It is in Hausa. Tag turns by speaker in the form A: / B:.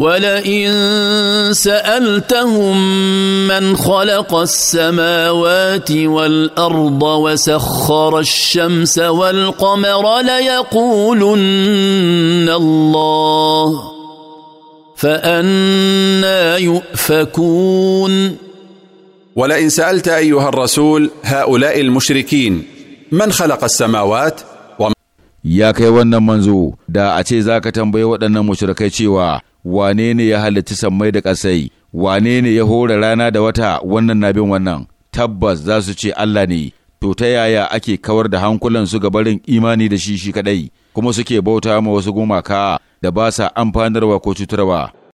A: ولئن سالتهم من خلق السماوات والارض وسخر الشمس والقمر ليقولن الله
B: فانا يؤفكون ولئن سالت ايها الرسول هؤلاء المشركين من خلق السماوات
C: يا كيوانا منزو دا أتي زاكا تنبي ودنا مشركي wane ne ya halitta sammai da ƙasai, wane ne ya hora rana da wata wannan na bin wannan, tabbas za su ce Allah ne, to ta yaya ake kawar da hankulansu ga barin imani da shi shi kaɗai, kuma suke bauta ma wasu gumaka da ba sa amfanarwa ko
D: cutarwa.